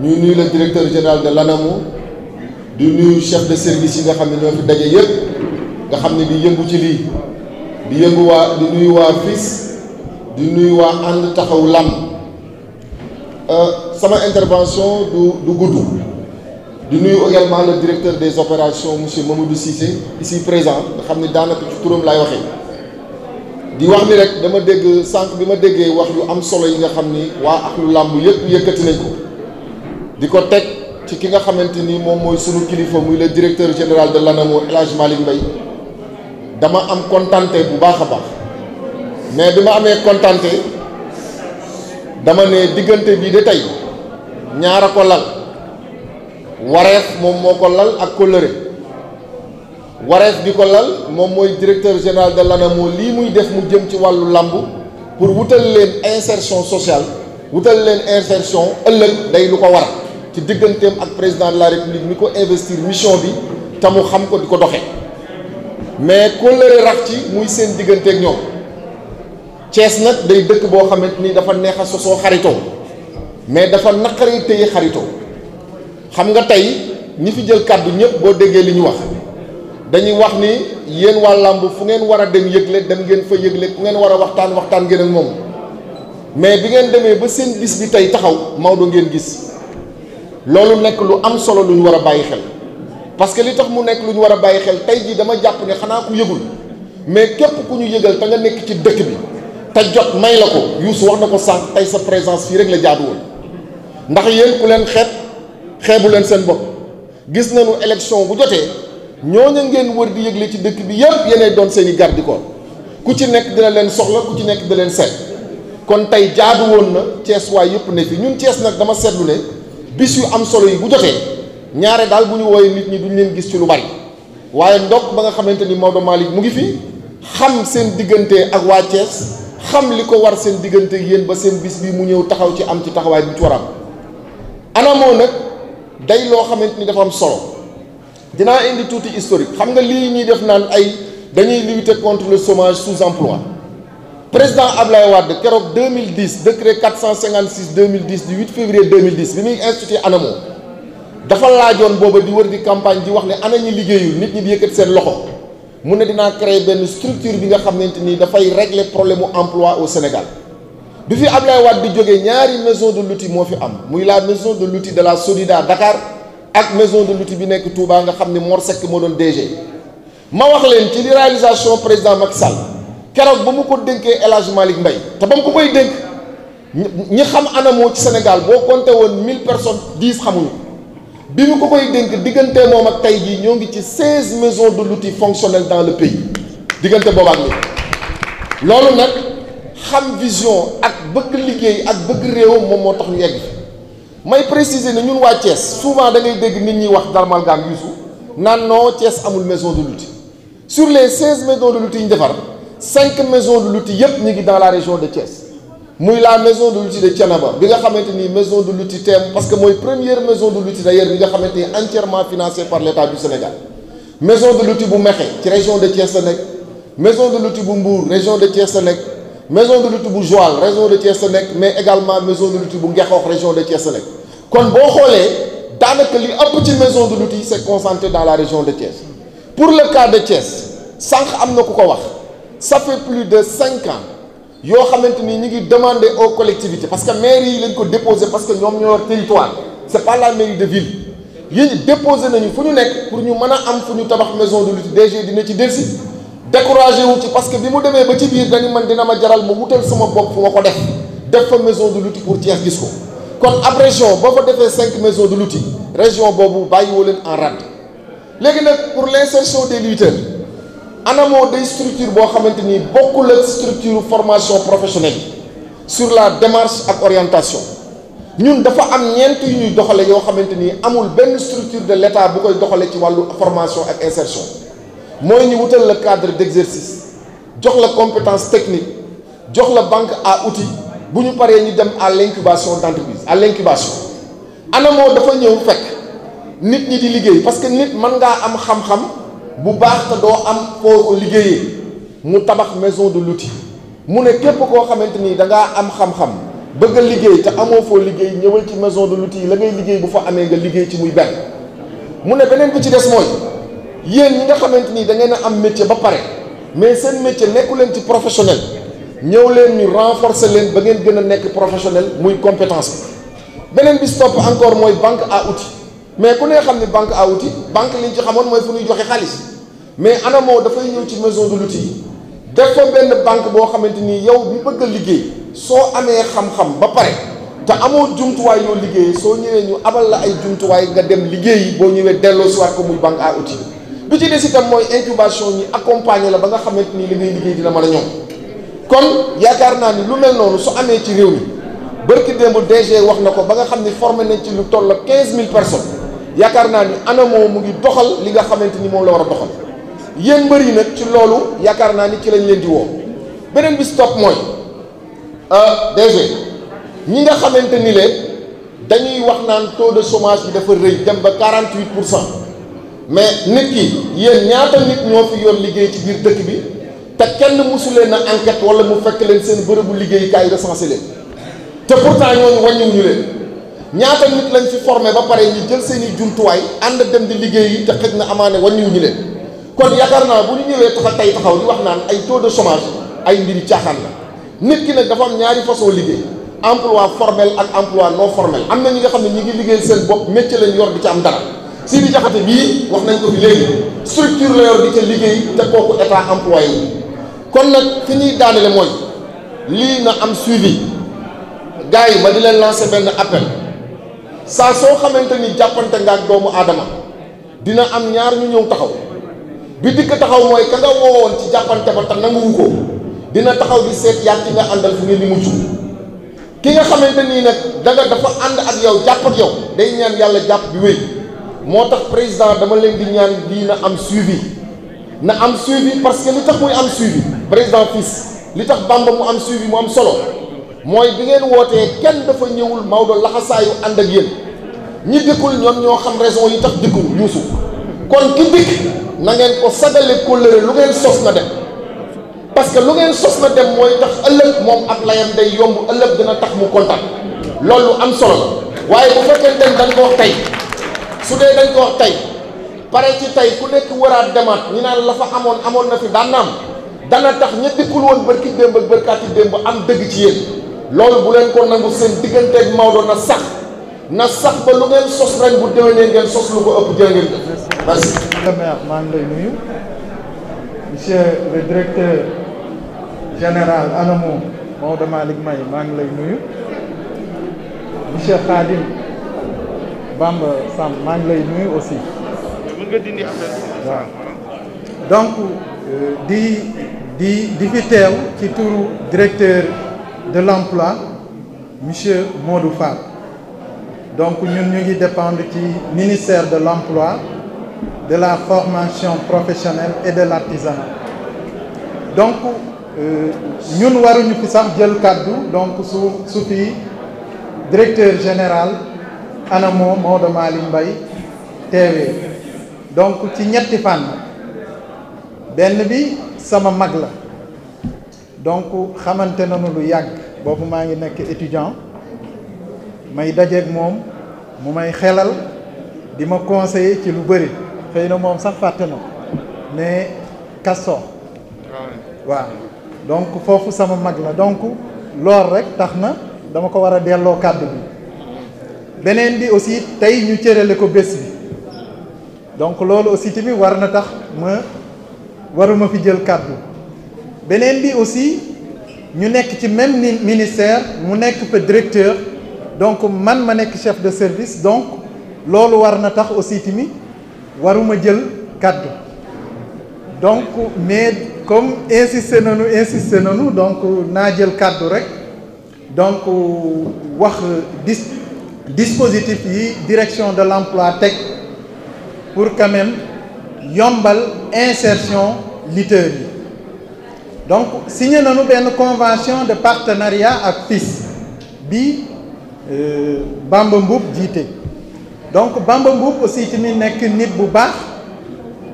ñuy nuyu le directeur général de l'ANAMO di nuy chef de service yi nga xam ne ñoo fi daje yëpp nga xam ne di yëngu ci lii di yëngu waa di nuyu waa FIS di nuyu waa ànd taxaw làmb euh, sama intervention du du gudd di nuyu également la directeur des opérations monsieur Mamadou Cissé ici présent nga xam ne daanaka ci turam laay waxee di wax ni rek dama dégg sànq bi ma déggee wax lu am solo yi nga xam ni waa ak lu làmb yëpp yëkkati nañ ko. di ko teg ci ki nga xamante ni moom mooy sunu kilifa muy la directeur général de l'ANAMO El Hadj Malick Mbaye dama am kontante bu baax a baax mais bi ma amee kontante dama ne diggante bii de tey ñaar a ko lal wareef moom moo ko lal ak kóllëre wareef bi ko lal moom mooy directeur général de l'ANAMO lii muy def mu jëm ci wàllu làmb pour wutal leen insertion sociale wutal leen insertion ëllëg day lu ko war ci digganteem ak président de la république mi ko investir mission bi te mu xam ko di ko doxe mais kóllëre rax ci muy seen diggante ak ñoom Cees nag day dëkk boo xamante ni dafa neex a sosoo xaritoo mais dafa naqaree téye xaritoo xam nga tey ñi fi jël kàddu ñëpp boo déggee li ñu wax dañuy wax ni yéen waa làmb fu ngeen war a dem yëgle dem ngeen fa yëgle ku ngeen war a waxtaan waxtaan ngeen moomu mais bi ngeen demee ba seen bis bi tey taxaw Maodo ngeen gis. loolu nekk lu am solo lu ñu war a bàyyi xel parce que li tax mu nekk lu ñu war a bàyyi xel tey jii dama jàpp ne xanaa ku yëgul mais képp ku ñu yëgal te nga nekk ci dëkk bi te jot may la ko yuusu wax na ko sànq tey sa présence fii rek la jaadu woon ndax yéen ku leen xeet xeebu leen seen bopp gis nañu élection bu jotee ñoo ñooñu ngeen wër di yëgle ci dëkk bi yëpp yéenay doon seen i gardikoor ku ci nekk dina leen soxla ku ci nekk dina leen seet kon tey jaadu woon na Cees yëpp ne fi ñun Cees nag dama seetlu ne. bis yu am solo yi bu jotee ñaare daal bu ñu wooyee nit ñi duñ leen gis ci lu bari waaye ndokk ba nga xamante ni Maodo Malick mu ngi fi xam seen diggante ak waa Thiès xam li ko war seen diggante yéen ba seen bis bi mu ñëw taxaw ci am ci taxawaay bi ci war anamoo nag day loo xamante ni dafa am solo dinaa indi tuuti historique xam nga lii ñuy def naan ay dañuy lutter contre le chômage sous emploi président Ablaye Wade keroog 2010 décret 456 2010 du 8 février 2010 bi muy institué ANAMO dafa laajoon booba di wër di campagne di wax ne ana ñi liggéeyul nit ñi di yëkkat seen loxo mu ne dina créer benn structure bi nga xamante ni dafay régler problème mu emploi au Sénégal bi fi Ablaye Wade di jógee ñaari maison de l'outil moo fi am muy la maison de l'outil de la Solida Dakar ak maison de l'outil bi nekk Touba nga xam ne Mor Seck moo doon DG ma wax leen ci réalisation président Macky Sall. keroog ba mu ko dénkee El Hadj Malick Mbaye te ba mu ko koy dénk ñi xam anamoo ci Sénégal boo compté woon mille personnes dix xamuñu bi mu ko koy dénk diggante moom ak tey jii ñoo ngi ci seize maisons de l'outil fonctionnelles dans le pays diggante boobu ak ni loolu nag xam vision ak bëgg liggéey ak bëgg réewam moom moo tax ñu yegg may préciser na ñun waa Thiès souvent da ngay dégg nit ñuy wax darmalgaam yuusu naan noo Thiès amul maison de l'outil sur les seize maisons de l'outil ñu defar cinq maisons de l'outil yëpp ñu ngi dans la région de Thiès muy la maison de l'outil de Thiénaba bi nga xamante ni maison de l'outil thème parce que mooy première maison de l'outil d'ailleurs bi nga xamante ni entièrement financée par l'État du Sénégal maison de l'outil bu Mekhe ci région de Thiès la nekk maison de l'outil bu Mbour région de Thiès la nekk mais également maison de l'outil bu Ngexoox région de Thiès la nekk kon boo xoolee daanaka li ëpp ci maison de l'outil c'est concentré la région de Thiès pour na ku ko wax ça fait plus de cinq ans yoo xamante ni ñu ngi demande aux collectivité parce que mairie yi lañ ko déposé parce que ñoom ñoo war territoire c'est pas la mairie de ville yi déposé nañu fu ñu nekk pour ñu mën a am fu ñu tabax maison de lutte DG dina ci delsi découragé wu ci parce que bi mu demee ba ci biir dañu man dina ma jaral ma wutal sama bopp fu ma ko def def fa maison de lutte pour Thiès gis ko kon ab région boo fa defee cinq maisons de lutte région boobu bàyyiwoo leen en rade léegi nag pour l'insertion des lutteurs ANAMO day structure boo xamante ni bokkul ak structure formation professionnelle sur la démarche ak orientation ñun dafa am ñeent yu ñuy doxale yoo xamante ni amul benn structure de l'État bu koy doxale ci wàllu formation ak insertion mooy ñu wutal la cadre d'exercice jox la compétence technique jox la banque à outils bu ñu paree ñu dem à l'incubation d'entreprise à l'incubation ANAMO dafa ñëw fekk nit ñi di liggéey parce que nit man ngaa am xam-xam bu baax te doo am foo liggéeyee mu tabax maison de l'outil mu ne képp koo xamante ni da ngaa am xam-xam bëgg a liggéey te amoo foo liggéey ñëwal ci maison de yi la ngay liggéey bu fa amee nga liggéey ci muy benn mu ne beneen bi ci des mooy yéen ñi nga xamante ni da ngeen a am métier ba pare mais seen métier nekku leen ci professionnel ñëw leen ñu renforcer leen ba ngeen gën a nekk professionnel muy compétence beneen bi stop encore mooy banque à outils mais ku nee xam ni banque à outils banque liñ ci xamoon mooy fu ñuy joxe xaalis mais ANAMO dafay ñëw ci maison de l'outil yi def benn banque boo xamante ni yow bi bëgg a liggéey soo amee xam-xam ba pare te amoo jumtuwaay yoo liggéey soo ñëwee ñu abal la ay jumtuwaay nga dem liggéey boo ñëwee delloo siwaat ko muy banque à outils bi ci des itam mooy incubation ñi accompagner la ba nga xamante ni li ngay liggéey dina mën a ñoom kon yaakaar naa ni lu mel noonu su amee ci réew mi bërki démb DG wax na ko ba nga xam ni formé nañ ci lu toll ak 15000 personnes. yaakaar naa ni ANAMO mu ngi doxal li nga xamante ni moom la war a doxal yéen mbër yi nag ci loolu yaakaar naa ni ci lañ leen di woo beneen bi stop mooy euh, DG ñi nga xamante ni leen dañuy wax naan taux de chômage bi dafa rëy dem ba 48 pour cent mais nit ki yéen ñaata nit ñoo fi yoon liggéey ci biir dëkk bi te kenn mosu leen a enquête wala mu fekk leen seen bërëbu liggéeyukaay recensé leen te pourtant ñooñu wàññiwuñu leen. ñaata nit lañ fi formé ba pare ñu jël seen i jumtuwaay ànd dem di liggéey yi te xëj na amaane wàññiwu ñu leen kon yaakaar naa bu ñu ñëwee taxa tey taxaw di wax naan ay taux de chômage ay mbiri caaxaan la nit ki nag dafa am ñaari façon liggéey emploi formel ak emploi non formel am na ñu nga xam ne ñi ngi liggéey seen bopp métier lañ yor di ca am dara si di jaxate bii wax nañ ko fi léegi structure la yor di ca liggéey te kooku état employé yi kon nag fi ñuy daanele mooy lii na am suivi gars yi ma di leen lancer benn appel saa soo xamante ni jàppante nga ak doomu aadama dina am ñaar ñu ñëw taxaw bi dikk taxaw mooy ka nga woowoon ci jàppante ba te nanguwu ko dina taxaw di seet yaa ki nga àndal fu ngeen di mujj ki nga xamante nii nag danga dafa ànd ak yow jàpp ak yow day ñaan yàlla jàpp bi wéy moo tax président dama leen di ñaan lii na am suivi na am suivi parce que li tax muy am suivi président fils li tax Bamba mu am suivi mu am solo mooy bi ngeen wootee kenn dafa ñëwul Maodo laxasaayu ànd ak yéen ñi dikkul ñoom ñoo xam raison yi tax dikkul yuusu kon ki dikk na ngeen ko sagale kóllëre lu ngeen sos na dem parce que lu ngeen sos na dem mooy tax ëllëg moom ak layam day yomb ëllëg dina tax mu kontaan loolu am solo waaye bu fekkee dañ dañ koo tay su dee dañ ko wax tey pare ci tey ku nekk waraat demaat ñu naan la fa amoon amoon na fi daan na am dana tax ña dikkul woon bërki démb ak bërkaati démb am dëgg loolu bu leen ko nangu seen digganteeg Maodo na sax na sax ba lu ngeen sos ren bu déwénee ngeen sos lu ko ëpp jërë ngeen def lay nuyu monsieur le directeur général ANAMO Maodo Malick May maa ngi lay nuyu monsieur Khadim Bamba Sam maa ngi lay nuyu aussi. waaw euh, di di di fi teew ci turu directeur. de l'emploi monsieur Modou Fall donc ñun ñu ngi dépendre ci ministère de l'emploi de la formation professionnelle et de l'artisanat donc euh, ñun waruñu fi sax jël kàddu donc su su fi directeur général ANAMO Maodo Malick Mbaye teewee donc ci ñetti fànn benn bi sama mag la donc xamante nañu lu yàgg boobu maa ngi nekk étudiant may dajeeg moom mu may xelal di ma conseiller ci lu bëri xëy na moom sax fàtte na ne Castors waaw donc foofu sama mag la donc lool rek tax na dama ko war a delloo kàddu bi beneen di aussi tey ñu cërale ko bés bi donc loolu aussi tamit war na tax ma waruma fi jël kàddu beneen bi aussi ñu nekk ci même ministère mu nekk fa directeur donc man ma nekk chef de service donc loolu war na tax aussi mi waruma jël kàddu donc mais comme insisté nañu insisté nañu donc naa jël kàddu rek donc wax dis dispositif yi direction de l'emploi teg pour quand même yombal insertion lutteurs yi donc signé nañu benn convention de partenariat ak FIS bi euh, Bamba Mboup jiite donc Bamba Mboup aussi tamit nekk nit bu baax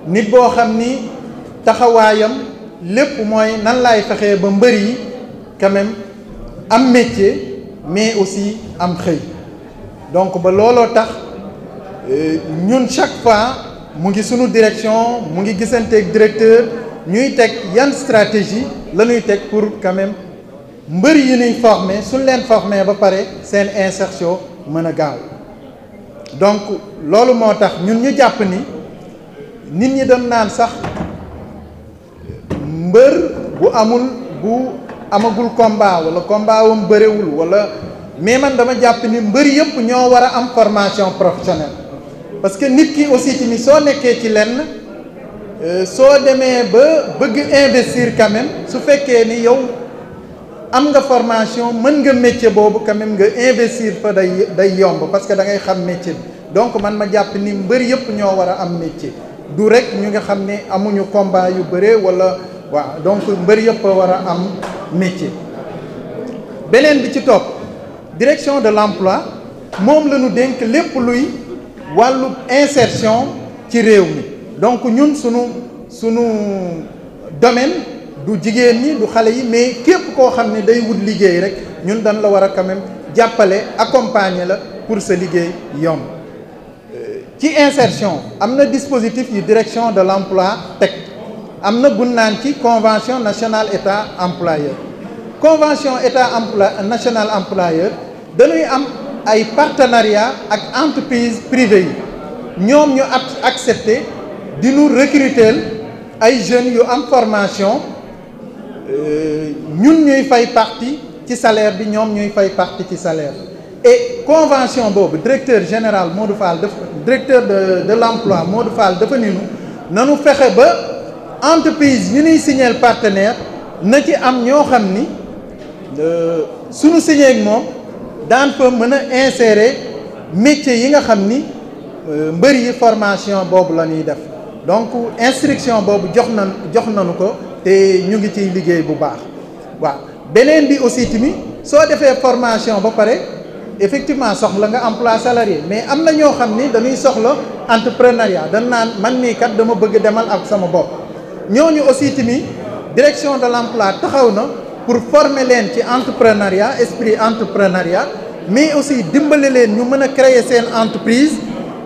nit boo xam ni taxawaayam lépp mooy nan laay fexee ba mbër yi quand am métier mais aussi am xëy donc ba looloo tax euh, ñun chaque fois mu ngi sunu direction mu ngi gisanteeg directeur ñuy teg yan stratégie la teg pour quand mbër yi ñuy former suñ leen former ba pare seen insertion mën a gaaw donc loolu moo tax ñun ñu jàpp ni nit ñi doon naan sax mbër bu amul bu amagul combat wala combat wam bëriwul wala mais man dama jàpp ni mbër yëpp ñoo war a am formation professionnelle parce que nit ki aussi tamit soo nekkee ci lenn. Euh, soo demee ba bëgg investir quand su fekkee ni yow am nga formation mën nga métier boobu quand nga investir fa day day yomb parce que da ngay xam métier bi donc man ma jàpp ni mbër yëpp ñoo war a am métier du rek ñu nga xam ne amuñu combat yu bëree wala waaw donc mbër yëpp war a am métier beneen bi ci topp direction de l'emploi moom la ñu dénk lépp luy wàllu insertion ci réew mi donc ñun sunu sunu domaine du jigéen ñi du xale yi mais képp koo xam ne day wut liggéey rek ñun dañ la war a quand jàppale accompagner la pour sa liggéey yomb. Euh, ci insertion am na dispositif yu direction de l'emploi teg am na bun naan ci convention nationale état emploi convention état emploi national employeur dañuy am ay partenariat ak entreprise privée yi ñoom ñu accepté di nu recruter ay jeunes yu am formation euh, ñun ñuy fay parti ci salaire bi ñoom ñuy fay parti ci salaire et convention boobu directeur général moo Modou Fall def directeur de de l'emploi Modou Fall dafa ni nu nanu fexe ba entreprise ñu nuy signer partenaire na ci am ñoo xam ni euh, suñu signé ak moom daan fa mën a insérer métier yi nga xam ni euh, mbër yi formation boobu la ñuy def donc instriction boobu jox nan jox nanu ko te ñu ngi ci liggéey bu baax waa beneen bi aussi tamit soo defee formation ba pare effectivement soxla nga emploi salarié mais am na ñoo xam ni dañuy soxla entrepreneuriat dañ naan man mii kat dama bëgg demal ak sama bopp ñooñu aussi tamit direction de l'emploi taxaw na pour former leen ci entrepreneuriat esprit entrepreneuriat mais aussi dimbale leen ñu mën a créer seen entreprise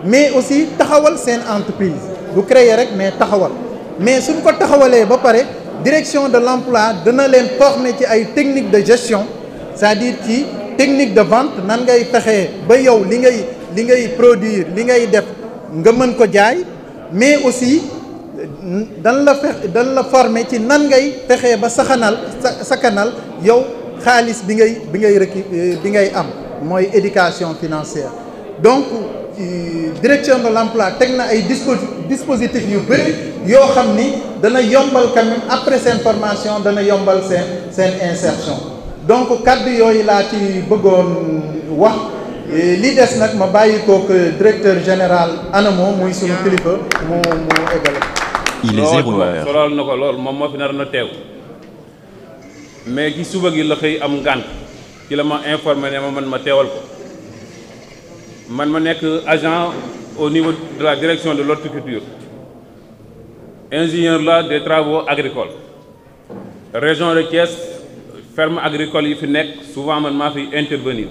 mais aussi taxawal seen entreprise du créer rek mais taxawal mais suñ ko taxawalee ba pare direction de l'emploi dana leen former ci ay technique de gestion cest à ci technique de vente nan ngay fexee ba yow li ngay li ngay produire li ngay def nga mën ko jaay mais aussi dan la fex dan la former ci nan ngay fexee ba saxanal sa sakanal yow xaalis bi ngay bi ngay rëkki bi ngay am mooy éducation financière donc Euh, direction de l'emploi teg na ay dispositif yu bëri yoo xam ni dana yombal quand même après seen formation dana yombal seen seen insertion donc kàddu yooyu laa ci bëggoon wax euh, li des nag ma bàyyi kook directeur général ANAMO muy sunu kilifa mu mu eggale il est na ko lool moom moo fi nar na teew mais ci suba gi la xëy am ngànt ci la ma informé ne ma man ma teewal ko man ma nekk agent au niveau de la direction de l'horticulture ingénieur la des traveau agricoles région de Thiès ferme agricole yi fi nekk souvent man maa fi intervenir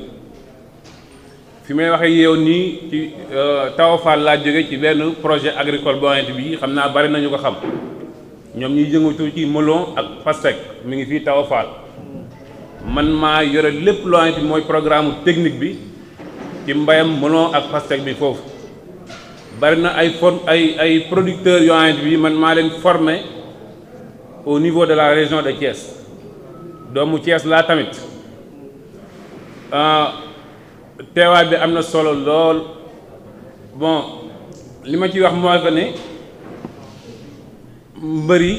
fi may waxee yow nii ci euh, Tawafal laa jóge ci benn projet agricole booyante bi xam naa bari nañu ko xam ñoom ñuy yëngatu ci melon ak pastèque mi ngi fii Tawafal man maa yore lépp looyante bi mooy programme technique bi ci mbayam melon ak pastèque bi foofu bari na ay form ay ay producteurs yoo xamante bi man maa leen formé au niveau de la région de Thiès doomu Thiès laa tamit ah, teewaay bi am na solo lool bon li ma ciy wax mooy que ne mbër yi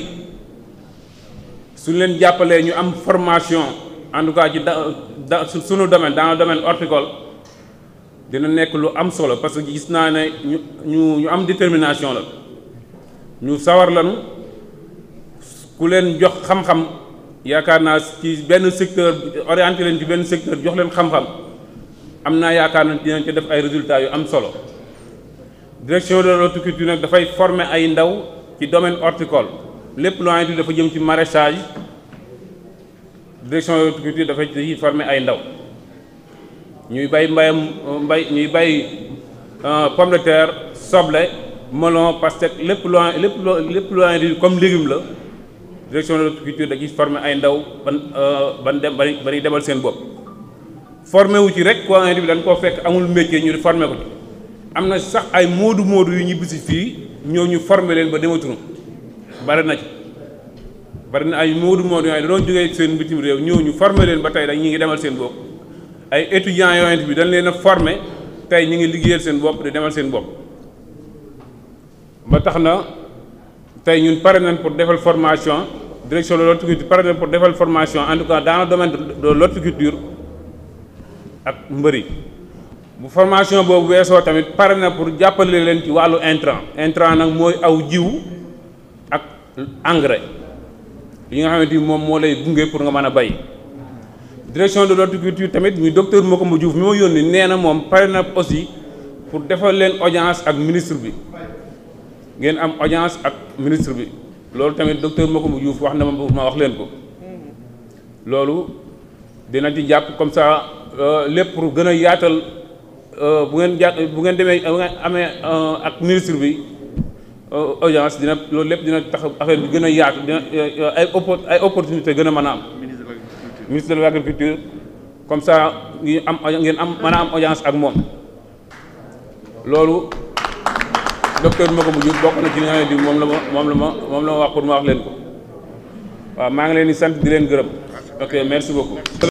suñ leen jàppalee ñu am formation en tout cas ci da da sunu domaine dans le domaine horticole dina nekk lu am solo parce que gis naa ne ñu ñu ñu am détermination la ñu sawar lanu ku leen jox xam-xam yaakaar naa ci benn secteur orienté leen ci benn secteur jox leen xam-xam am naa yaakaar na dinañ ci def ay résultats yu am solo direction de l'horticulture nag dafay former ay ndaw ci domaine horticole lépp lu dafa jëm ci maraîchage direction de l'horticulture dafay former ay ndaw ñuy bay mbayam mbay ñuy bay euh, pomme de terre soble melon pastèque lépp lu lépp lépp loin lu comme légume la direction de l'horticulture da ciy former ay ndaw ban euh, ban dem ba ñuy demal seen bopp formé wu ci rek quoi indi bi dañ koo fekk amul métier ñu formé ko ci am na sax ay moodu moodu yu ñu fii ñoo ñu formé leen ba dematunu bari na ci bari na ay moodu moodu yooyu dañoo jógee seen bitim réew ñoo ñu formé leen ba tey dañ ñu ngi demal seen bopp ay étudian yooyante bi dañ leen a formé tey ñu ngi liggéeyal seen bopp di demal seen bopp ba tax na tey ñun pare nañ pour defal formation direction de l'horticulture pare nañ pour defal formation en tout cas dans le domaine de l'horticulture ak mbëri bu formation boobu weesoo tamit pare na pour jàppale leen ci wàllu intrant intrant nag mooy aw jiw ak engrais yi nga xamante ni moom moo lay gunge pour nga mën a bay direction de l'horticulture tamit muy docteur Macoumba Diouf mi ma yónni nee na moom pare na aussi pour defal leen audience ak ministre bi ngeen am audience ak ministre bi loolu tamit docteur mu Diouf wax na ma ma wax leen ko loolu dina ci jàpp comme ça euh, lépp pour gën a yaatal euh, bu ngeen jàpp bu ngeen demee bu ngeen amee euh, ak ministre bi audience dina loolu lépp dina tax affaire bi gën a yaatu dina ay ay opportunité gën a mën a am. ministre de l'agriculture comme ça ñu am ngeen am mën a am audience ak moom loolu docteur Macoumba Diouf bokk na ci li nga xamante ni moom la ma moom la ma moom la ma wax pour ma wax leen ko waaw maa ngi leen di sant di leen gërëm ok merci beaucoup